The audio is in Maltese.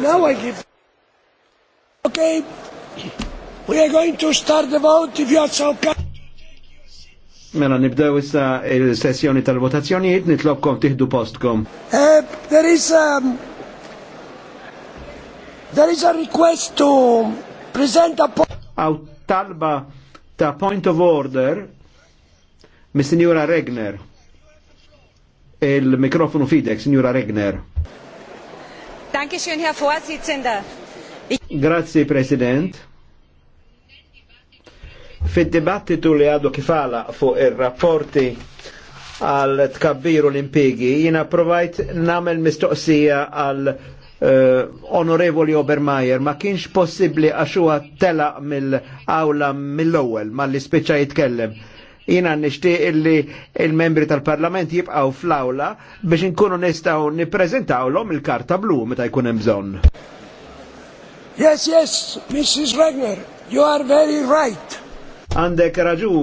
Now I give. Okay, we are going to start the vote if you are so kind. Mela nibdew issa il-sessjoni tal-votazzjonijiet votazzjoni nitlobkom tiħdu postkom. Uh, there is um, there is a request to present a Aw talba ta' point of order mis signora Regner. Il-mikrofonu fidek, signora Regner. Grazie, President. Fid-dibattitu li għadu kifala fuq ir-rapporti għal tkabbiru l-impigi, jina provajt namel mistoqsija għal uh, onorevoli Obermajer, ma kienx possibli għaxuwa tela mill-awla mill-ewel, ma li jitkellem Jina nishtiq illi il-membri tal-parlament jibqaw fl-awla biex nkunu nistaw l-om il-karta blu meta jkun hemm bżonn. Yes, yes, Mrs. Regner, you are very right. Għandek raġun.